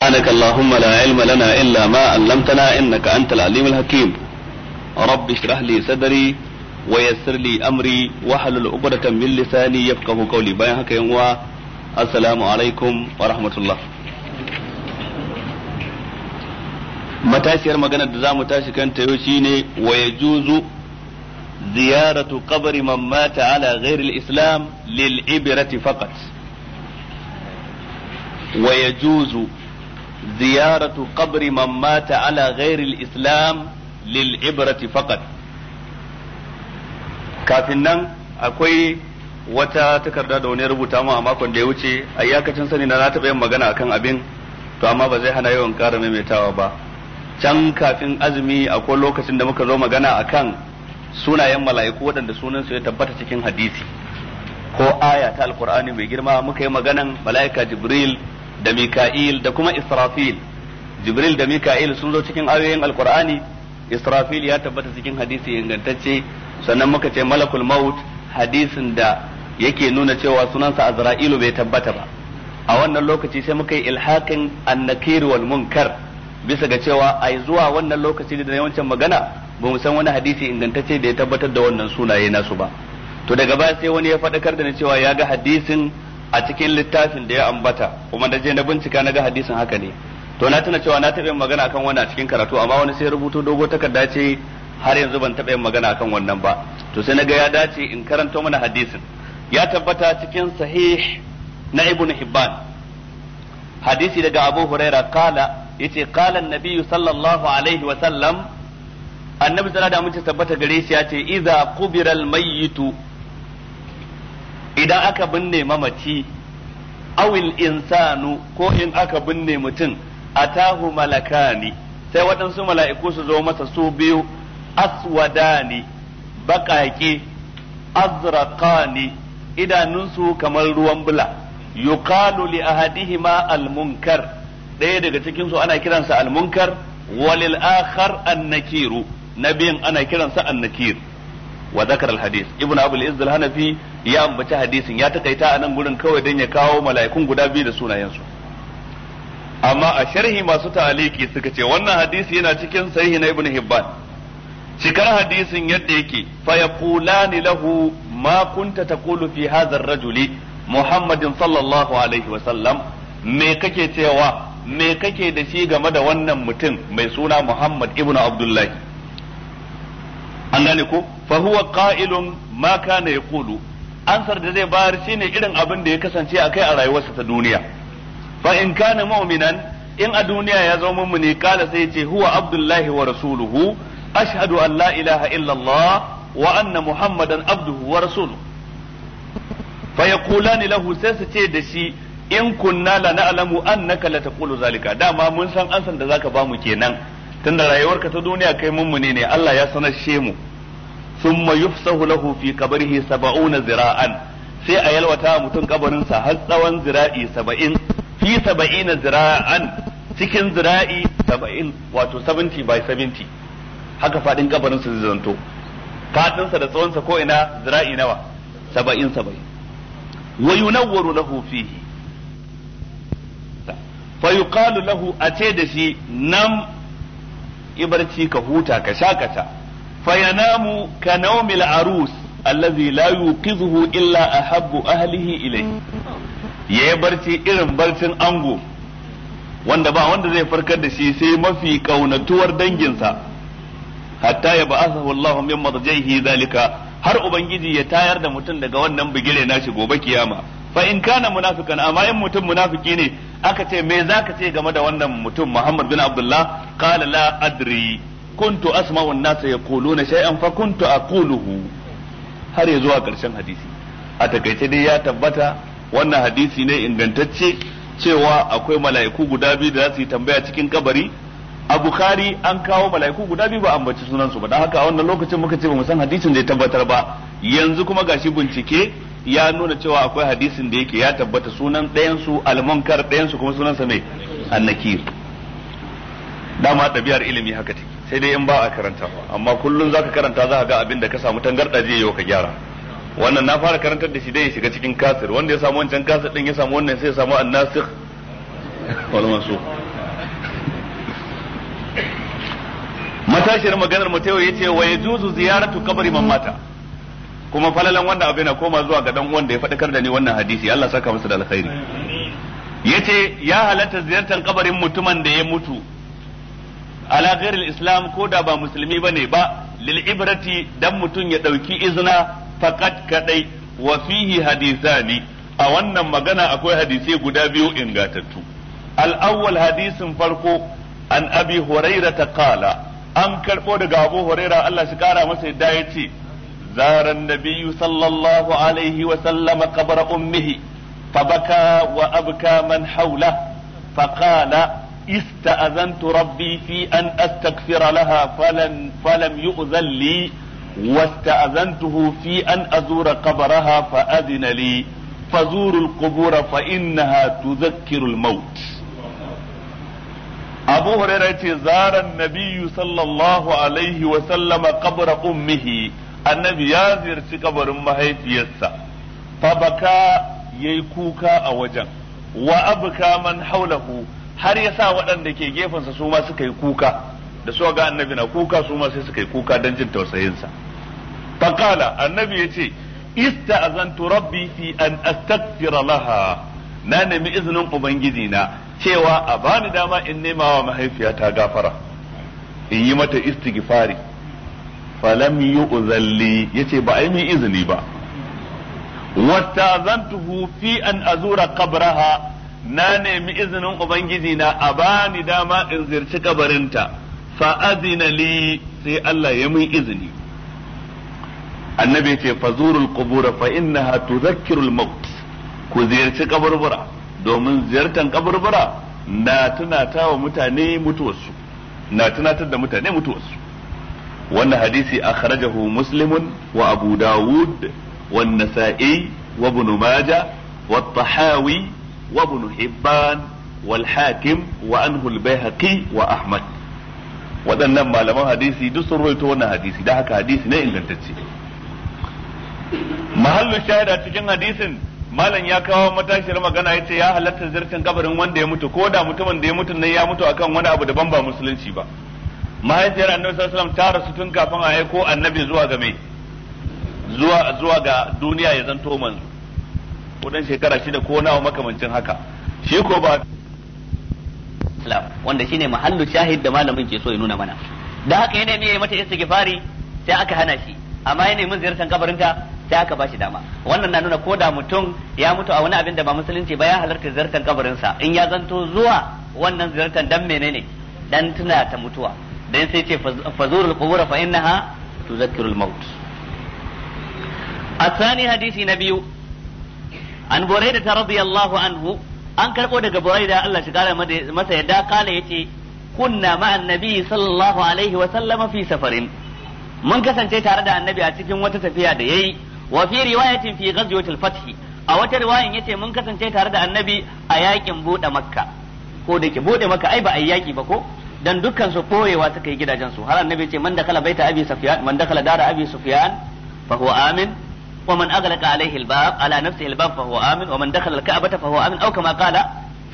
سبحانك اللهم لا علم لنا إلا ما علمتنا إنك أنت العليم الحكيم رب اشرح لي صدري ويسر لي أمري وحل العقدة من لساني يفقه قولي بيان حكي السلام عليكم ورحمة الله متاسير مجانا الدزام متاسير كانت يوشيني ويجوز زيارة قبر من مات على غير الإسلام للعبرة فقط ويجوز ziyaratu qabri man mata ala ghairi al-islam lil ibrati faqat kafin nan akwai wata takarda da wani rubuta mu a makon da ya wuce a iyakacin sani na taɓa yin magana akan abin to amma ba zai hana yawan ƙara maimaitawa ba can kafin azumi akwai lokacin da muka zo magana akan sunayen mala'iku waɗanda sunansu ya tabbata cikin hadisi ko aya ta alkur'ani mai girma muka yi maganan mala'ika jibril da mika'il da kuma israfil jibril da mika'il sun zo cikin ayoyin alkur'ani israfil ya tabbata cikin hadisi ingantacce sannan muka ce malakul maut hadisin da yake nuna cewa sunansa azra'ilu bai tabbata ba a wannan lokaci sai muka yi ilhakin annakir wal munkar bisa ga cewa ai zuwa wannan lokaci da yawancin magana ba mu san wani hadisi ingantacce da ya tabbatar da wannan sunaye nasu ba to daga baya sai wani ya faɗakar da ni cewa ya ga hadisin a cikin littafin da ya ambata kuma na je na bincika na ga hadisin haka ne to na tuna cewa na taɓa yin magana akan wannan a cikin karatu amma wani sai rubuto dogo takarda ce har yanzu ban taɓa yin magana akan wannan ba to sai na ga ya dace in karanto mana hadisin ya tabbata cikin sahih na ibnu hibban hadisi daga abu huraira kala yace kala annabi sallallahu alaihi wa sallam annabi sallallahu alaihi wa tabbata gare ce idza qubira al-mayyitu idan aka binne mamaci awil insanu ko in aka binne mutum atahu malakani sai waɗansu mala'iku su zo masa su biyu aswadani baƙaƙe azraqani idanunsu kamar ruwan bula yuqalu li ahadihima almunkar ɗaya daga cikin su ana kiransa almunkar walil akhar annakiru nabiyin ana kiransa annakir wa zakar alhadis ibnu abul izz hanafi ya ambaci hadisin ya takaita a nan gurin kawai don ya kawo mala'ikun guda biyu da sunayensu amma a sharhi masu ta'aliki suka ce wannan hadisi yana cikin sahihi na ibn hibban cikar hadisin yadda yake fa yaqulani lahu ma kunta taqulu fi hadha ar-rajuli muhammadin sallallahu alaihi wa sallam me kake cewa me kake da shi game da wannan mutum mai suna muhammad ibnu abdullahi an gane ko fa huwa qa'ilun ma kana yaqulu ansar da zai bayar shine irin abin da ya kasance a kai a rayuwarsa ta duniya fa in kana mu'minan in a duniya ya zama mummuni kala sai yace huwa abdullahi wa rasuluhu ashhadu an la ilaha illallah wa anna muhammadan abduhu wa rasuluhu fa yaqulani lahu sai su ce da shi in kunna la na'lamu annaka la taqulu zalika dama mun san ansan da zaka bamu kenan tunda rayuwarka ta duniya kai mummuni ne Allah ya sanar shemu mu ثم yufsahu له في قبره 70 zira'an sai a yalwata mutum kabarin har tsawon zira'i 70 fi 70 zira'an cikin zira'i 70 wato 70 by 70 haka fadin kabarin su zanto fadin da tsawon ko ina zira'i nawa 70 70 wa yunawwaru lahu fihi yuqalu lahu ace da shi nam ibarci ka huta ka shakata فينام كنوم العروس الذي لا illa إلا أحب أهله إليه ya yi barci irin barcin ango wanda ba wanda zai farkar da shi sai mafi kaunatuwar danginsa hatta ya ba'athahu Allah min marjaihi zalika har ubangiji ya tayar da mutum daga wannan bigire shi gobe kiyama fa in kana munafikan amma in mutum munafiki ne aka ce me zaka ce game da wannan mutum Muhammad bin Abdullah qala la adri kuntu asma'u an na yaquluna shay'an fa kuntu aquluhu har ya zuwa karshen hadisi a takaice dai ya tabbata wannan hadisi ne ingantacce cewa akwai mala'iku guda biyu da za su yi tambaya cikin kabari a bukari an kawo mala'iku guda biyu ba ambaci sunansu ba don haka a wannan lokacin muka ce ba mu san hadisin da ya tabbatar ba yanzu kuma gashi bincike ya nuna cewa akwai hadisin da yake ya tabbata sunan ɗayansu su ɗayansu kuma sunansa ne annakir dama ɗabi'ar ilimi haka take sai dai in ba a karanta amma kullum zaka karanta za a ga abin da ka samu tangarɗa zai yau ka gyara wannan na fara karantar da shi dai ya shiga cikin kasir wanda ya samu wancan kasir din ya samu wannan sai ya samu annasikh wal mansukh matashiyar maganar mutewa yace wa yajuzu ziyaratu qabri man mata kuma falalan wanda abin na koma zuwa ga dan wanda ya faɗakar da ni wannan hadisi Allah saka masa da alkhairi yace ya halatta ziyartar kabarin mutumin da ya mutu ala ghairil islam ko da ba musulmi bane ba lil ibrati dan mutun ya dauki izna faqat kadai wa fihi hadithani a wannan magana akwai hadisi guda biyu ingantattu. al awwal hadisin farko an abi hurairah ta kala. an karbo daga abu huraira Allah shi kara masa yadda yace زار sallallahu alaihi wa sallama وسلم ummihi. أمه wa وأبكى من حوله فقال استأذنت ربي في أن أستغفر لها فلم, فلم يؤذن لي واستأذنته في أن أزور قبرها فأذن لي فزوروا القبور فإنها تذكر الموت أبو هريرة زار النبي صلى الله عليه وسلم قبر أمه النبي يازر قبر أمه يسا فبكى يكوكا أوجا وأبكى من حوله har ya sa waɗanda ke gefensa su ma suka yi kuka da su ga annabi na kuka su ma sai suka yi kuka don jin tausayinsa faqala annabi yace azantu rabbi fi an astaghfira laha na nemi izinin ubangiji na cewa a bani dama in nema wa mahaifiyata gafara in yi mata istighfari falam yu'zalli yace ba ai min izini ba Wata wasta'azantuhu fi an azura qabraha na nemi izinin ubangiji na a bani dama in zirci kabarinta fa azina li sai Allah ya mun izini annabi ce fazurul qubur fa innaha al maut ku ziyarci kaburbura domin ziyartan kaburbura na tunata wa mutane mutuwarsu na tunatar da mutane mutuwarsu wannan hadisi akhrajahu muslimun wa abu dawud wa nasa'i wa ibn majah wa tahawi وابن حبان والحاكم وأنه البيهقي وأحمد waɗannan malaman hadisi duk sun rawaito wannan hadisi da haka hadisi ne ingantacce mahallu shahada cikin hadisin malam ya kawo matashiyar magana yace ya halatta ziyartar kabarin wanda ya mutu ko da mutumin da ya mutu nan ya mutu akan wani abu daban ba musulunci ba mahaifiyar annabi sallallahu alaihi wasallam ta rasu tun kafin a aiko annabi zuwa ga mai zuwa zuwa ga duniya ya zanto manzo ko dan shekara shida ko nawa makamancin haka shi ko ba wanda shine mahallu shahid da malamin ke so ya nuna mana da haka yana mai mata istighfari sai aka hana shi amma yana mun ziyartar kabarinta sai aka bashi dama wannan na nuna ko da mutum ya mutu a wani abin da ba musulunci ba ya halarta ziyartar kabarinsa in ya zanto zuwa wannan ziyartar dan menene dan tuna ta mutuwa dan sai ce fazurul qubur fa innaha tuzakkiru maut الثاني حديث نبيه an buraida ta radiyallahu anhu an karbo daga buraida Allah shi kare masa yadda kala yace kunna ma annabi sallallahu alaihi wa sallama fi safarin mun kasance tare da annabi a cikin wata tafiya da yayi wa fi riwayatin fi ghazwatil fath a wata riwayan yace mun kasance tare da annabi a yakin bude makka ko da ke bude makka ai ba ai yaki ba ko dan dukkan su koyewa suka yi gidajen su har annabi yace man dakala baita abi sufyan man dakala dara abi sufyan fa huwa amin ومن أغلق عليه الباب على نفسه الباب فهو آمن ومن دخل الكعبة فهو آمن أو كما قال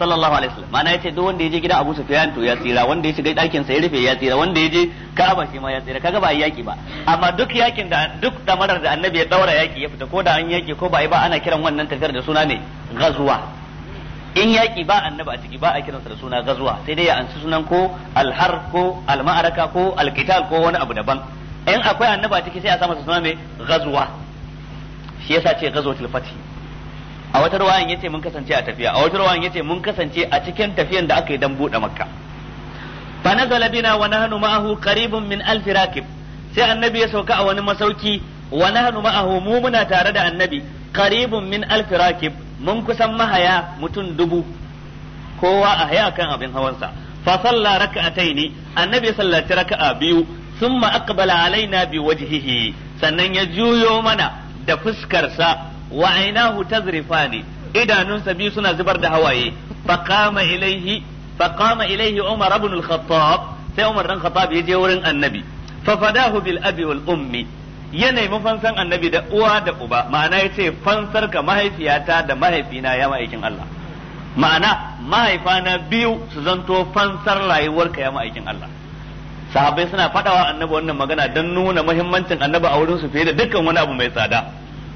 صلى الله عليه وسلم معنى yace duk wanda yaje gida Abu Sufyan ya tsira wanda ya shiga ɗakin sa ya rufe ya tsira wanda yaje Ka'aba shi ma ya tsira kaga ba yaki ba amma duk yakin da duk damarar da Annabi ya daura yaki ya fita ko da an yaki ko ba ana kiran wannan tafiyar da suna ne in yaki ba annaba a ciki ba a kiransa da suna gazuwa sai dai ya ansi sunan ko alhar ko alma'araka ko alqital ko wani abu daban in akwai annaba a ciki sai a sa masa suna mai gazuwa shi yasa ce gazo tilfati a wata ruwayan yace mun kasance a tafiya a wata ruwayan yace mun kasance a cikin tafiyan da aka yi dan bude makka fa nazala bina wa nahnu ma'ahu qaribun min alf raqib sai annabi ya sauka a wani masauki wa nahnu ma'ahu mu muna tare da annabi qaribun min alf raqib mun kusan mahaya mutum dubu kowa a haya kan abin hawansa fa salla raka'ataini annabi sallati raka'a biyu thumma aqbala alaina bi wajhihi sannan ya juyo mana da fuskarsa wa ainahu ne idanunsa biyu suna zubar da hawaye faqama ilaihi faqama ilaihi Umar ibn al-Khattab sai Umar dan Khattab ya je wurin Annabi fa fadahu bil abi wal ummi ya nemi fansan Annabi da uwa da uba ma'ana yace fansar ka mahaifiyata da mahaifina ya ma'aikin Allah ma'ana mahaifana biyu su zanto fansar rayuwarka ya ma'aikin Allah sahabbai suna fadawa annabi wannan magana don nuna muhimmancin annabi a wurin fiye da dukkan wani abu mai tsada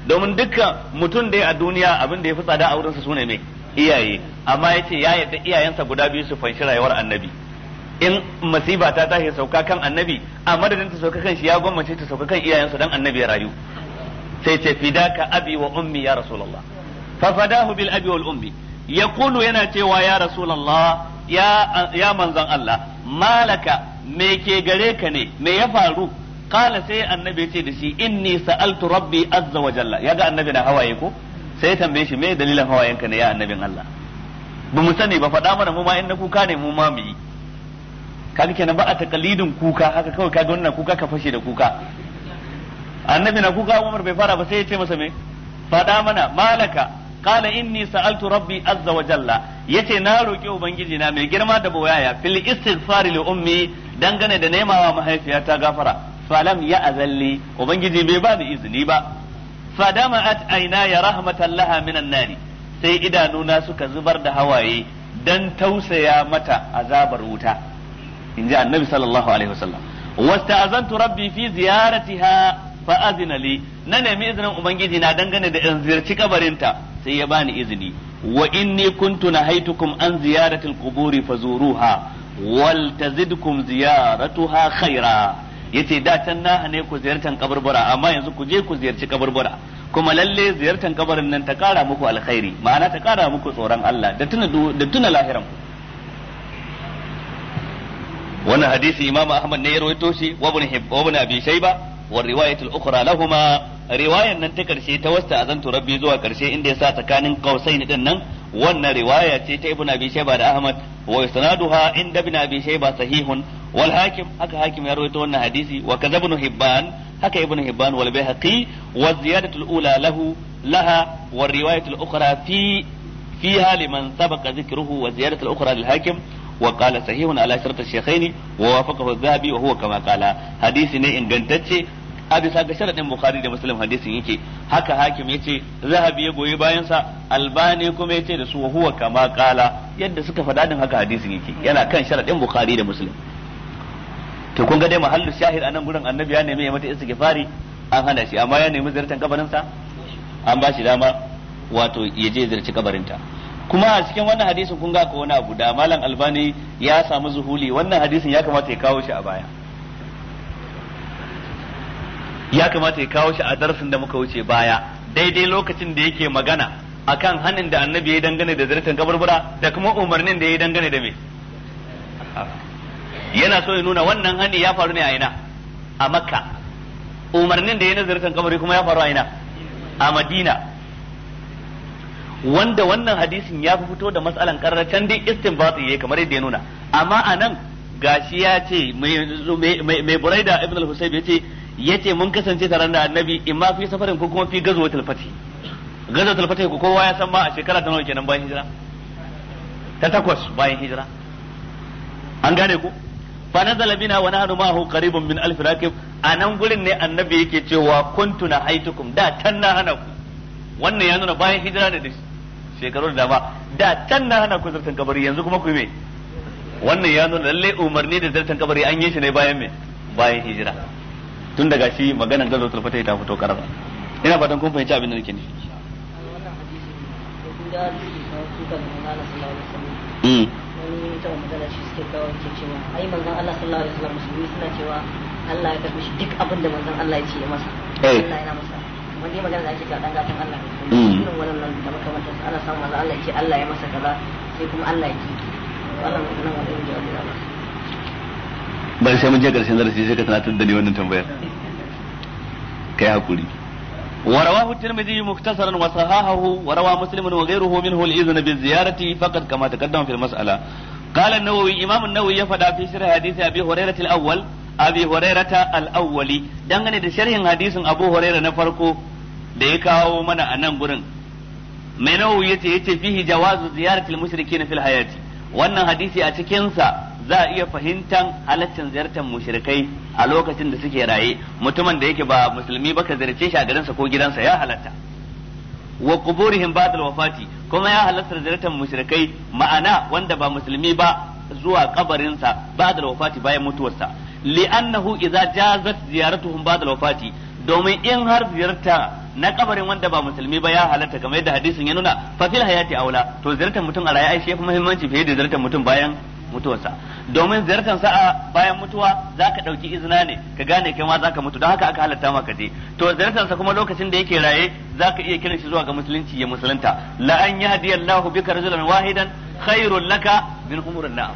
domin dukkan mutum da ya a duniya abin da ya fi tsada a wurin su sune mai iyaye amma ya ce ya yadda iyayensa guda biyu su fanshi rayuwar annabi in masiba ta tashi sauka kan annabi a madadin ta sauka kan shi ya gwammace ta sauka kan iyayensa don annabi ya rayu sai ce fidaka abi wa ummi ya rasulullah fa fadahu bil abi wal ummi yaqulu yana cewa ya rasulullah ya ya manzon Allah malaka me ke gare ka ne me ya faru kala sai annabi ce da shi inni sa'altu rabbi azza wa jalla yaga annabi na hawaye ko sai tambaye shi me dalilin hawayenka ne ya annabin Allah ba mu sani ba faɗa mana mu ma in na kuka ne mu ma mu yi kaga kenan ba a taqalidin kuka haka kawai kaga wannan kuka ka fashe da kuka annabi na kuka Umar bai fara ba sai ya ce masa me faɗa mana malaka Kale inni sa'altu rabbi azza wa jalla yace na roki ubangiji na mai girma da boyaya fil istighfar li ummi dangane da nemawa mahaifiyata gafara falam ya azalli ubangiji bai ba ni izini ba fadama'at ya rahmatan laha minan nari sai idanuna suka zubar da hawaye dan tausaya mata azabar wuta inji annabi sallallahu alaihi wasallam wasta'azantu rabbi fi ziyaratiha fa azina li na nemi izinin ubangiji na dangane da in ziyarci kabarinta sai ya bani izini wa inni kuntu nahaitukum an ziyarati alquburi fazuruha wal tazidkum ziyaratuha khaira yace da can na hane ku ziyartan kaburbura amma yanzu ku je ku ziyarci kaburbura kuma lalle ziyartan kabarin nan ta kara muku alkhairi ma'ana ta kara muku tsoron Allah da tuna da tuna lahiran ku wannan hadisi imam ahmad ne ya rawaito shi wa ibn abi shayba wa riwayatul ukhra lahuma riwayan nan ta karshe ta wasta azantu Rabi zuwa karshe inda yasa tsakanin qausain din nan wannan riwaya ce ta ibnu abi shayba da ahmad wa isnaduha inda ibnu abi shayba sahihun wal hakim haka hakim ya rawaito wannan hadisi wa kaza ibnu hibban haka ibnu hibban wal bayhaqi wa ziyadatu al lahu laha wa fi hakim وقال صحيح على شرط الشيخين ووافقه الذهبي وهو كما قال حديث ne ingantacce a bisa ga sharadin bukhari da muslim hadisin yake haka hakim yace zahabi ya goyi bayan sa albani kuma yace da su huwa kama kala yadda suka faɗa din haka hadisin yake yana kan sharadin bukhari da muslim to kun ga dai mahallu shahid anan gurin annabi ya nemi ya mata istighfari an hana shi amma ya nemi zartan kabarin sa an ba shi dama wato ya je ziyarci kabarinta kuma a cikin wannan hadisin kun ga ko wani abu da malam albani ya samu zuhuli wannan hadisin ya kamata ya kawo shi a baya ya kamata ya kawo shi a darasin da muka wuce baya daidai lokacin da yake magana akan hannun da annabi ya dangane da zartan kabarbura da kuma umarnin da ya dangane da me yana so ya nuna wannan hannun ya faru ne a ina a makka umarnin da ya na zartan kabari kuma ya faru a ina a madina wanda wannan hadisin ya fi fito da matsalan karar can dai istinbati yayi kamar yadda ya nuna amma anan gashi ya ce mai buraida ibn al-husayb ya ce yace mun kasance tare da annabi in ma fi safarin ko kuma fi lafati gazo gazwatul lafati ko kowa ya san ma a shekara ta nawa kenan bayan hijira ta takwas bayan hijira an gane ku fa nazala bina wa nahnu ma'ahu qaribun min alf raqib anan gurin ne annabi yake cewa kuntu na haitukum da tan na hana ku wannan ya nuna bayan hijira ne dai shekaru da dama da tan na hana ku zartan kabari yanzu kuma ku me wannan ya nuna lalle umarni da zartan kabari an yi shi ne bayan me bayan hijira tun daga shi maganar gazo tulfata ta fito karara ina fatan kun fahimci abin da nake ta ai manzon hmm. Allah eh. sallallahu alaihi wasallam musulmi Allah ya karbi shi duk abin da manzon Allah ya ce ya masa Allah yana masa wani magana da ake gatan Allah irin wannan da ana samu manzon Allah ya ce Allah ya masa kaza sai kuma Allah ya wannan wani jawabi da masa ban sai mun je karshen darasi sai ka tunatar da ni wannan tambayar kai hakuri ورواه الترمذي مختصرا وصححه وروى مسلم وغيره منه الإذن بالزيارة فقد كما تقدم في قال النووي النووي في شرح حديث حديث da ya kawo mana a nan gurin mai nawawi yace yace fihi jawazu ziyaratil mushrikeena fil hayati wannan hadisi a cikin sa za a iya fahimtan halaccin ziyartar mushrikai a lokacin da suke raye mutumin da yake ba musulmi ba ka ziyarce shi a garinsa ko gidansa ya halatta wa quburihim ba'da wafati kuma ya halatta ziyartar mushrikai ma'ana wanda ba musulmi ba zuwa kabarinsa ba'da wafati bayan mutuwarsa li'annahu idza jazat ziyaratuhum ba'da wafati domin in har ziyarta na kabarin wanda ba musulmi ba ya halatta kamar yadda hadisin ya nuna fa fil hayati aula to ziyartar mutum a raye ai shi yafi muhimmanci fiye da ziyartar mutum bayan mutuwarsa domin ziyartar sa bayan mutuwa zaka ɗauki izina ne ka gane kai ma zaka mutu don haka aka halatta maka je to ziyartar sa kuma lokacin da yake raye za ka iya kiran shi zuwa ga musulunci ya musulunta la an Allahu bika rajulan wahidan khairul laka min umurin na'am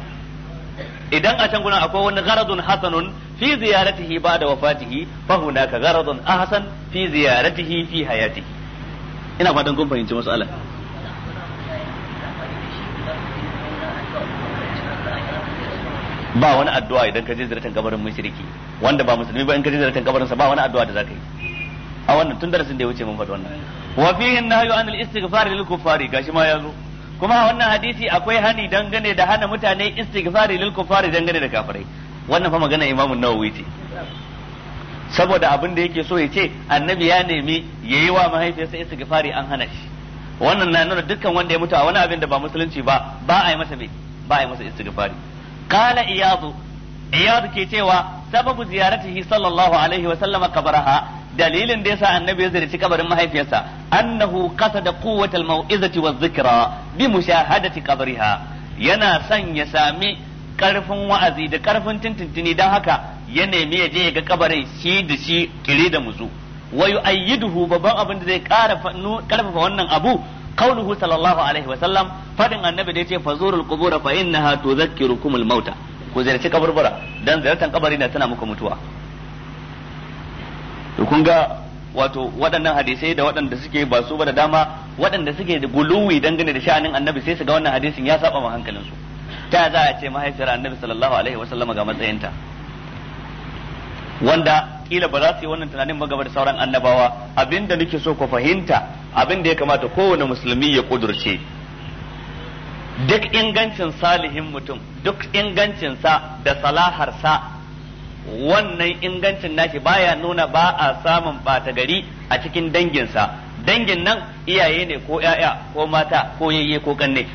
idan a can gurin akwai wani gharadun hasanun fi ziyaratihi da wafatihi fa hunaka gharadun ahsan fi ziyaratihi fi hayatihi ina fatan kun fahimci mas'alar ba wani addu'a idan ka je ziyartar kabarin mushriki wanda ba musulmi ba in ka je ziyartar kabarin sa ba wani addu'a da zaka yi a wannan tun darasin da ya wuce mun faɗi wannan wa fihi nahyu an al-istighfar lil kuffari gashi ma yazo kuma wannan hadisi akwai hani dangane da hana mutane istighfar lil kuffari dangane da kafirai wannan fa magana Imam Nawawi ce saboda abin da yake so ya ce annabi ya nemi yayi wa mahaifiyarsa istighfari an hana shi wannan na nuna dukkan wanda ya mutu a wani abin da ba musulunci ba ba a yi masa bai ba a yi masa istighfari qala iyadu iyadu ke cewa sababu ziyaratihi sallallahu alaihi wa sallama qabraha dalilin da ya sa annabi ya ziyarci kabarin mahaifiyarsa annahu qasada quwwatal mau'izati waz zikra bi mu mushahadati qabriha yana son ya sami ƙarfin wa'azi da karfin tintintini don haka ya nemi ya je ya ga kabarin shi da shi kire da ayi wa yu'ayyiduhu babban abin da zai karfafa wannan abu Kaunuhu sallallahu alaihi wa sallam fadin annabi da yace fazurul qubur fa innaha tudhakkirukum al mauta ku ziyarci kaburbura dan ziyartar kabari na tana muku mutuwa to kun ga wato waɗannan hadisai da waɗanda suke ba su ba da dama waɗanda suke da guluwi dangane da sha'anin annabi sai su ga wannan hadisin ya saba ma hankalinsu ta za a ce mahaifiyar annabi sallallahu alaihi wa sallama ga matsayinta wanda kila ba za su yi wannan tunanin ba da sauran annabawa abinda nake so ku fahimta abinda ya kamata kowane musulmi ya kudurce duk ingancin salihin mutum duk ingancin sa da salaharsa wannan ingancin nashi baya nuna ba a samun bata gari a cikin danginsa dangin nan iyaye ne ko 'ya'ya ko mata ko yayye ko kanne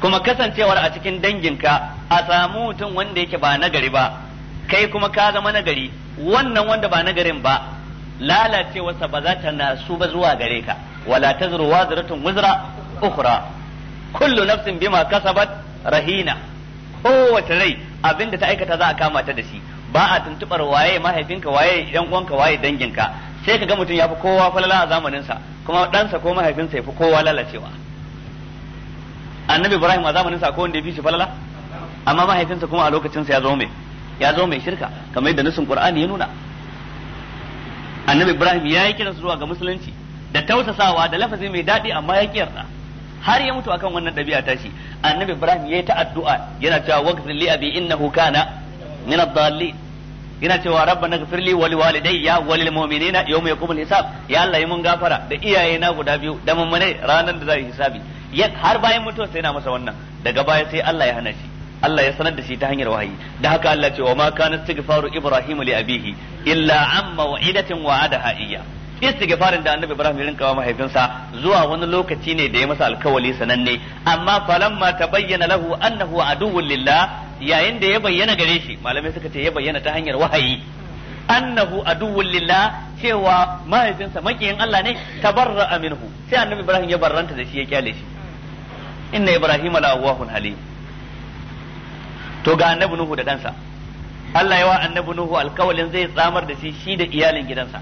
kuma kasancewar a cikin danginka a samu mutum wanda yake ba nagari ba kai kuma ka zama nagari wannan wanda ba nagarin ba lalacewarsa ba za ta nasu ba zuwa gare ka wala tazru wazratun wizra ukhra kullu nafsin bima kasabat rahina kowace rai abinda ta aikata za a kama ta da shi ba a tuntubar waye mahaifinka waye yan uwanka waye danginka sai ka ga mutum ya fi kowa falala a zamanin sa kuma ɗansa ko mahaifinsa ya fi kowa lalacewa annabi ibrahim a zamanin sa ko wanda ya fi shi falala amma mahaifinsa kuma a lokacin sa ya zo mai ya zo mai shirka kamar yadda nasin qur'ani ya nuna annabi ibrahim ya yi kiransu zuwa ga musulunci da tausasawa da lafazi mai daɗi amma ya kiyarta har ya mutu akan wannan ɗabi'a ta shi annabi ibrahim ya yi ta addu'a yana cewa waqfir li abi innahu kana min ad-dallin yana cewa rabbana ighfir li wa liwalidayya wa lil mu'minina yawma yaqumul hisab ya Allah yi mun gafara da iyaye guda biyu da mummune ranar da za yi hisabi har bayan mutuwa sai na masa wannan daga baya sai Allah ya hana shi Allah ya sanar da shi ta hanyar wahayi da haka Allah ce wa ma kana istighfaru ibrahim li abihi illa amma wa'idatin wa'adaha iyya istighfarin da annabi ibrahim ya rinka wa mahaifinsa zuwa wani lokaci ne da ya masa alkawali sananne amma falamma tabayyana lahu annahu aduwwun lillah yayin da ya bayyana gare shi malamai suka ce ya bayyana ta hanyar wahayi annahu aduwwun lillah cewa mahaifinsa makiyin Allah ne tabarra minhu sai annabi ibrahim ya barranta da shi ya kyale shi inna ibrahima la'awwahun halim to ga annabi nuhu da ɗansa Allah ya wa annabi nuhu alkawalin zai tsamar da shi shi da iyalin gidansa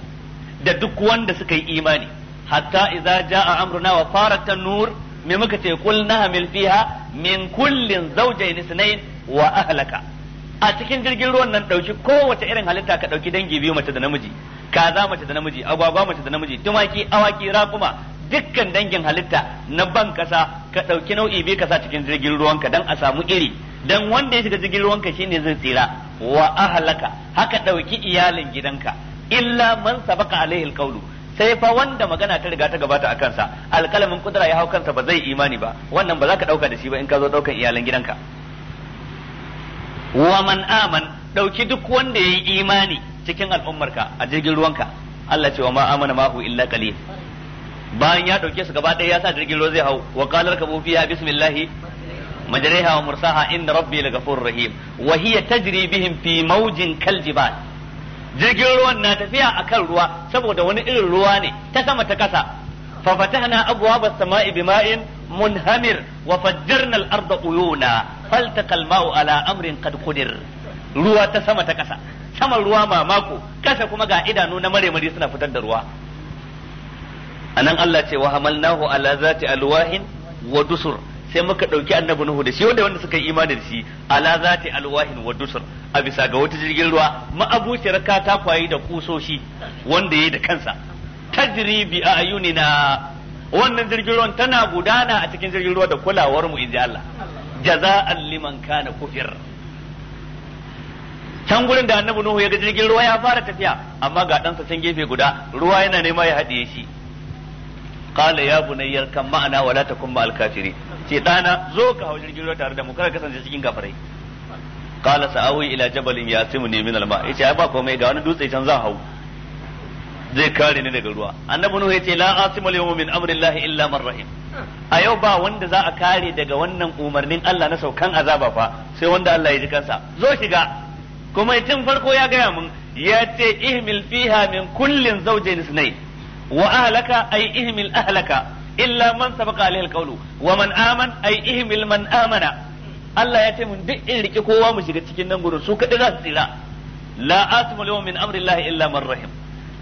da duk wanda suka yi imani hatta idza jaa amruna wa farat nur me muka ce kul nahmil fiha min kullin zawjayn isnayn wa ahlaka a cikin jirgin ruwan nan dauki kowace irin halitta ka dauki dangi biyu mace da namiji kaza mace da namiji agwagwa mace da namiji tumaki awaki rafuma dukkan dangin halitta na ban kasa ka dauki nau'i biyu kasa cikin jirgin ruwan ka dan a samu iri dan wanda ya shiga jirgin ruwanka shine zai tsira wa ahlaka haka dauki iyalin gidanka illa man sabaka alaihi alqawlu sai fa wanda magana ta riga ta gabata a kansa alkalamin kudura ya hau kansa ba zai imani ba wannan ba za ka dauka da shi ba in ka zo daukan iyalan gidanka wa man aman dauki duk wanda yayi imani cikin al'ummarka a jirgin ruwanka Allah ce wa ma amana mahu illa qalil bayan ya dauke su gaba ɗaya ya sa jirgin ruwa zai hau wa qalar kabu fiya bismillah مجريها ومرساها إن ربي لغفور رحيم وهي تجري بهم في موج كالجبال jirgin ruwan na tafiya a kan ruwa saboda wani irin ruwa ne ta sama ta kasa fa fatahna abwaaba as-samaa'i bima'in munhamir wa fajjarna al-arda uyuna faltaqa al-ma'u ala amrin qad qudir ruwa ta sama ta kasa saman ruwa mamako kasa kuma ga idanu na mare mare suna fitar da ruwa anan Allah ce wa hamalnahu ala zati alwahin wa dusur sai muka ɗauki annabi nuhu da shi wanda wanda suka yi imani da shi ala zati alwahin wa dusr a bisa ga wata jirgin ruwa ma'abuciyar katakwaye da kusoshi wanda yayi da kansa tajri bi ayunina wannan jirgin ruwan tana gudana a cikin jirgin ruwa da kulawar mu inji Allah jaza'an liman kana kufir can gurin da annabi nuhu ya ga jirgin ruwa ya fara tafiya amma ga ɗansa can gefe guda ruwa yana nema ya haɗiye shi qala ya bunayya kan ma'ana wala takun ma'al alkafiri. ce dana zo ka hau jirgin ruwa tare da mu kada kasance cikin kafirai qala sa'awi ila jabalin yasimuni min al-ma yace ai ba komai ga wani dutse can zan hau zai kare ni daga ruwa annabi nuhu ce la asimul yawma min amrillahi illa man rahim a yau ba wanda za a kare daga wannan umarnin Allah na saukan azaba fa sai wanda Allah ya ji kansa zo shiga kuma tun farko ya gaya mun ya ce ihmil fiha min kullin zawjayn isnayn wa ahlaka ay ihmil ahlaka illa man sabaqa alaihi alqawlu wa man aman ay ihmil man amana Allah ya ce mun duk in rike kowa mu shiga cikin nan gurin su kadai za su tsira la asmu yawm min amri Allah illa man rahim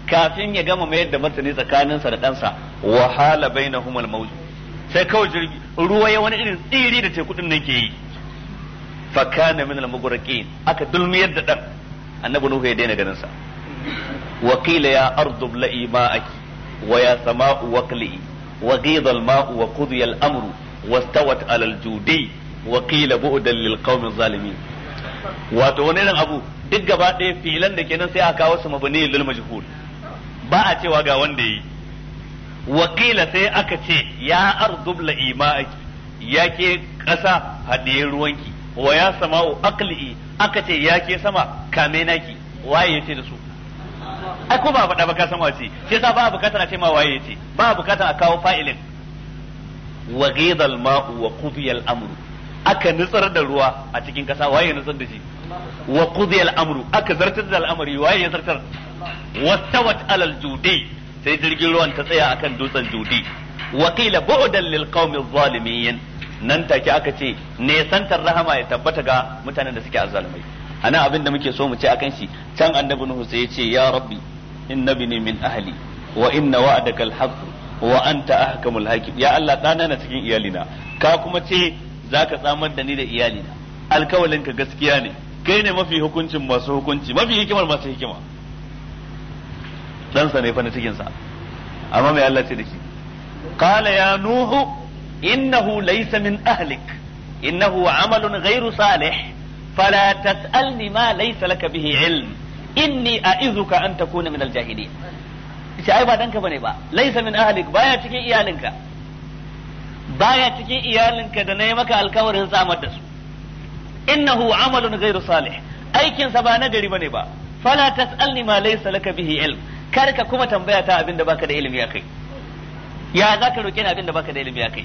kafin ya gama mayar da martani tsakaninsa da ɗansa wa hala bainahumul mawj sai kawai jirgi ruwa ya wani irin tsiri da teku din nan ke yi fa kana min al-mughraqin aka dulmiyar da dan annabi nuhu ya daina ganin sa wa qila ya ardu bla'i ma'aki ويا سماء وقلي وغيض الماء وقضي الأمر واستوت على الجودي وقيل بؤدا للقوم الظالمين واتونين abu duk gaba ɗaya filan da kenan sai a kawo su mabani lil majhul ba a cewa ga wanda yi wakila sai aka ce ya ardubla ima'aki ya ke ƙasa haɗe ruwanki wa ya sama'u aqli'i aka ce ya ke sama kame naki waye ce da su ai ko ba faɗa ba ka san wace shi yasa ba bukatar a ce ma waye yace ba bukatar a kawo fa'ilin wa ghidha mau wa qudiya al-amru aka nutsar da ruwa a cikin kasa waye nutsar da shi wa qudiya al-amru aka zartar da al'amari waye ya zartar wastawat alal judi sai jirgin ruwan ta tsaya akan dutsen judi wa qila bu'dan lil qaumi zalimin nan take aka ce ne santar rahama ya tabbata ga mutanen da suke azzalumai anan abin da muke so mu ce akan shi can annabi nuhu sai ya ce ya rabbi innabi ne min ahli wa inna wa'adaka alhaq wa anta ahkamul hakim ya Allah dana na cikin iyalina ka kuma ce zaka tsamar da ni da iyalina alkawalin ka gaskiya ne kai ne mafi hukuncin masu hukunci mafi hikimar masu hikima Dan sa ne fa na sa amma mai Allah ce da shi qala ya nuhu innahu laysa min ahlik innahu amalun ghayru salih fala tas'alni ma laysa laka bihi ilm inni a'izuka an takuna min al-jahilin ce ai ba danka bane ba laysa min ahlik baya cikin cikin iyalinka da nai maka alkawarin samar da su innahu amalun ghairu salih aikin sa ba nagari bane ba fala tas'alni ma laysa laka bihi ilm karka kuma tambaya abin da baka da ilimi akai ya zaka roke ni abin da baka da ilimi an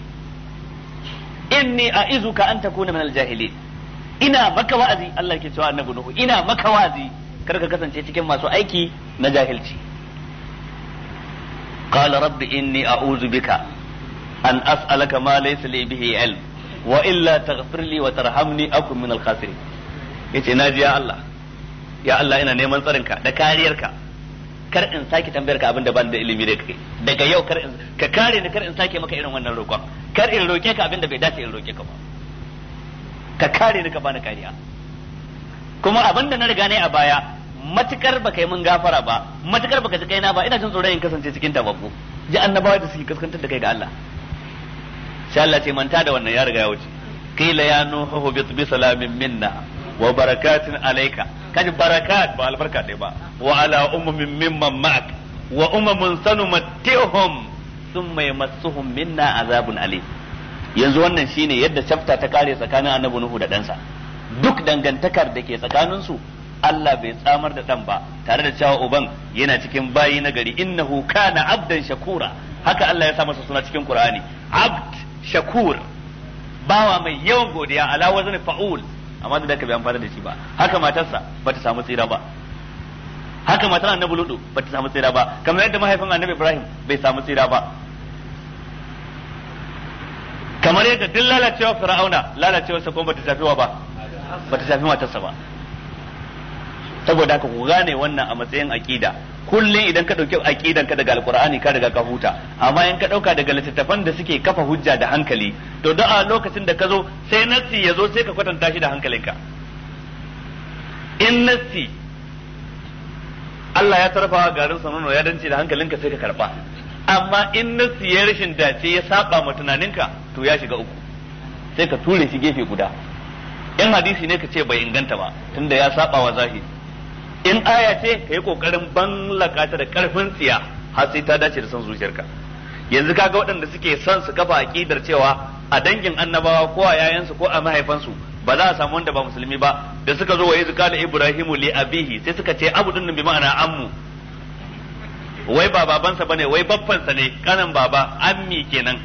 ina maka wa'azi Allah ke cewa annabi nuhu ina maka wa'azi kar ka kasance cikin masu aiki na jahilci qala rabbi inni a'udhu bika an as'alaka ma laysa li bihi ilm wa illa taghfir li wa tarhamni akun min al-khasirin yace naji ya Allah ya Allah ina neman tsarinka da kariyarka kar in sake tambayar ka abinda ban da ilimi da kai daga yau kar in ka kare ni kar in sake maka irin wannan roƙon kar in roke ka abinda bai dace in roke ka ba ka kare ni ka bani kariya kuma abin da na riga ne a baya matukar baka yi mun gafara ba matukar baka ji kaina ba ina jin tsoron in kasance cikin tababbu ji annabawa da suke kaskantar da kai ga Allah sha Allah ce manta da wannan ya riga ya wuce qila ya nuhu bi bi salamin minna wa barakatun alayka kaji barakat ba albarka dai ba wa ala ummin mimman ma'ak wa ummun sanumattihum thumma yamassuhum minna azabun alim yanzu wannan shi ne yadda chapter ta kare tsakanin annabi nuhu da ɗansa duk dangantakar da ke tsakaninsu Allah bai tsamar da ɗan ba tare da cewa uban yana cikin bayi na gari innahu kana abdan shakura haka Allah ya sa masa suna cikin kur'ani abd shakur bawa mai yawan godiya ala wazni fa'ul amma da ka bai amfana da shi ba haka matarsa ba ta samu tsira ba haka matar annabi ludu ta samu tsira ba kamar yadda mahaifin annabi Ibrahim bai samu tsira ba kamar yadda duk lalacewa fir'auna lalacewa sa kuma bata shafi wa ba bata tafi matarsa ba saboda ka ku gane wannan a matsayin aqida kullum idan ka dauki aqidan ka daga alqur'ani ka daga ka huta amma in ka dauka daga littattafan da suke kafa hujja da hankali to da a lokacin da ka zo sai nassi ya zo sai ka kwatanta shi da hankalinka in nassi Allah ya tarfa garin sanono ya dance da hankalinka sai ka karba amma in na siya rashin dace ya saba ma tunaninka to ya shiga uku sai ka ture shi gefe guda in hadisi ne ka ce bai inganta ba tunda ya saba wa zahiri in aya ce ka yi kokarin ban ta da karfin tsiya har sai ta dace da son zuciyarka yanzu kaga waɗanda suke son su kafa aqidar cewa a dangin annabawa ko a yayansu ko a mahaifansu ba za a samu wanda ba musulmi ba da suka zo wa yanzu da ibrahimu li abihi sai suka ce abu na bi ma'ana ammu wai ba babansa bane wai baffansa ne kanan baba ammi kenan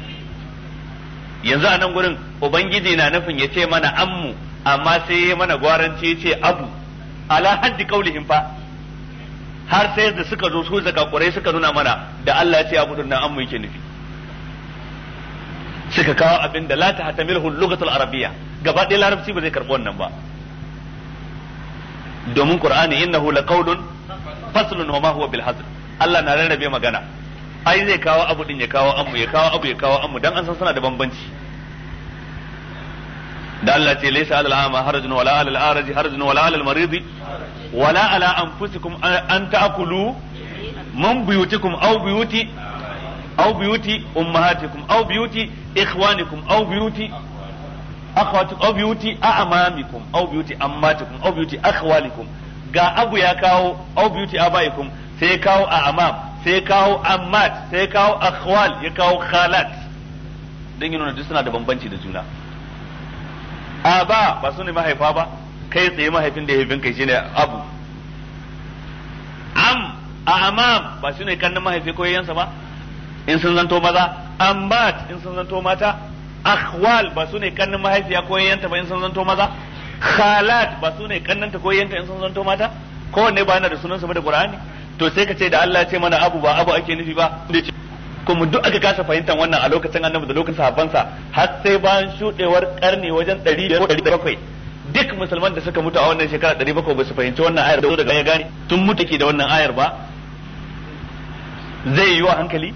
yanzu a nan gurin ubangiji na nufin ya ce mana ammu amma sai ya mana gwaranci ya ce abu ala haddi kaulihim fa har sai da suka zo su zakakurai suka nuna mana da Allah ya ce abu nan ammu yake nufi suka kawo abin da la ta hatamilhu lugatul arabiyya gaba ɗaya larabci ba zai karɓi wannan ba domin qur'ani innahu laqawlun faslun wa ma huwa bil Allah na rarrabe magana ai zai kawo abu din ya kawo amu ya kawo abu ya kawo amu dan an san suna da bambanci da Allah ce laysa alal ama harajun wala alal araji harajun wala alal maridi wala ala anfusikum an taakulu man buyutikum aw buyuti aw buyuti ummahatikum aw buyuti ikhwanikum aw buyuti akhawatikum aw buyuti a'amamikum aw buyuti ammatikum aw buyuti akhwalikum ga abu ya kawo aw buyuti abaikum sai kawo a'mam sai kawo ammat sai kawo akhwal ya kawo khalat dan yana duk suna da bambanci da juna aba ba su ne mahaifa ba kai tsaye mahaifin da ya haifin kai shine abu am a'mam ba su ne kannin mahaifi ko yayansa ba in sun zanto maza ammat in sun zanto mata akhwal ba su ne kannin mahaifiya ko yayanta ba in sun zanto maza khalat ba su ne kannanta ko yayanta in sun zanto mata kowanne ba yana da sunansa ba da qur'ani to sai ka ce da Allah ya ce mana abu ba abu ake nufi ba kuma duk aka kasa fahimtar wannan a lokacin annabi da lokacin sahabbansa har sai bayan shudewar karni wajen 500 duk musulman da suka mutu a wannan shekara 700 ba su fahimci wannan ayar da daga ya gane tun mutu ke da wannan ayar ba zai yi wa hankali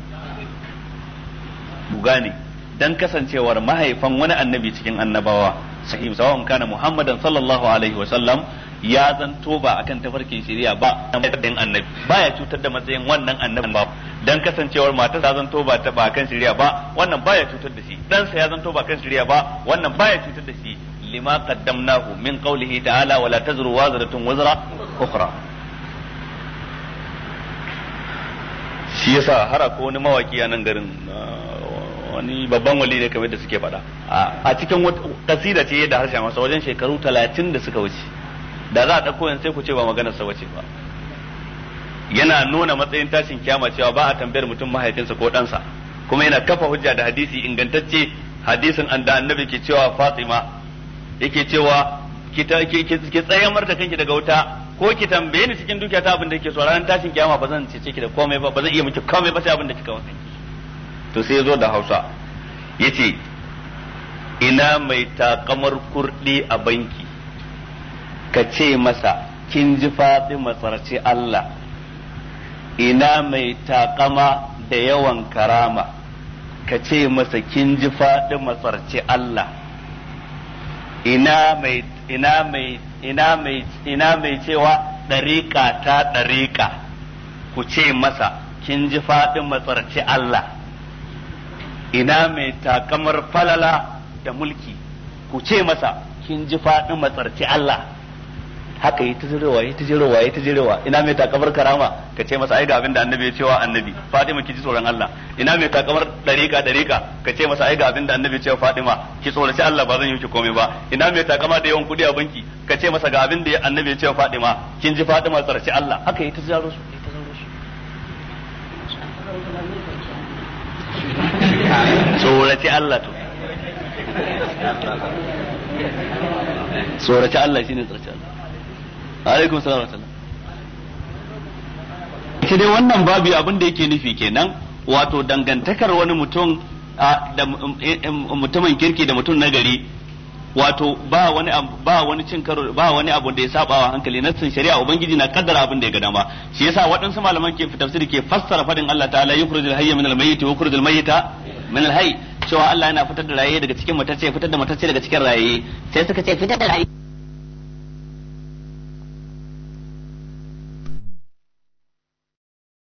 ku gane dan kasancewar mahaifan wani annabi cikin annabawa sahih sawan kana muhammadan sallallahu alaihi wa sallam ya zanto ba akan tafarkin shari'a ba matsayin annabi baya cutar da matsayin wannan annabi ba dan kasancewar matar ta zanto ba ta ba kan shari'a ba wannan baya cutar da shi dan sa ya zanto ba kan shari'a ba wannan baya cutar da shi lima qaddamnahu min qawlihi ta'ala wala tazru wazratun wazra ukhra shi yasa har ko wani mawaki a nan garin ah, wani babban wali ne kamar da suke faɗa a cikin kasida ce da harshen masa wajen shekaru talatin da suka wuce da za a ɗauko yanzu sai ku ce ba maganar sa wace ba yana nuna matsayin tashin kiyama cewa ba a tambayar mutum mahaifinsa ko ɗansa kuma yana kafa hujja da hadisi ingantacce hadisin an da annabi ke cewa Fatima yake cewa ki tsayamar da kanki daga wuta ko ki tambaye ni cikin dukiya ta abin da kike so ranar tashin kiyama ba zan cece ki da komai ba ba zan iya miki komai ba sai abin da kika wasa to sai zo da Hausa yace ina mai takamar kurdi a banki ka ce masa kin ji faɗi masarci Allah ina mai takama da yawan karama ka ce masa kin ji faɗi masarci Allah ina mai ina mai ina mai ina mai cewa ɗariƙa ta ɗariƙa ku ce masa kin ji faɗi matsarci Allah ina mai takamar falala da mulki ku ce masa kin ji faɗi matsarci Allah haka yi ta jirewa yi ta jirewa yi ta jirewa ina mai takamar karama ka ce masa ai ga abin da annabi ya ce wa annabi Fatima ki ji tsoron Allah ina mai takamar dariƙa dariƙa ka ce masa ai ga abin da annabi ya ce wa Fatima ki tsorace Allah ba zan yi ki komai ba ina mai takama da yawan kuɗi a banki ka ce masa ga abin da annabi ya ce wa Fatima kin ji Fatima tsarci Allah haka yi ta jaro su tsorace Allah to tsorace Allah shine tsorace Allah alaikum salam wa rahmatullah ita dai wannan babu abin da yake nufi kenan wato dangantakar wani mutum da mutumin kirki da mutum na gari wato ba wani ba wani cin karo ba wani abu da ya saba wa hankali na nassin shari'a ubangiji na kaddara abin da ya gada dama shi yasa waɗansu malaman ke tafsiri ke fassara fadin Allah ta'ala yukhrijul hayya minal mayyit wa yukhrijul mayyita minal hayy cewa Allah yana fitar da raye daga cikin mutace fitar da mutace daga cikin raye sai suka ce fitar da raye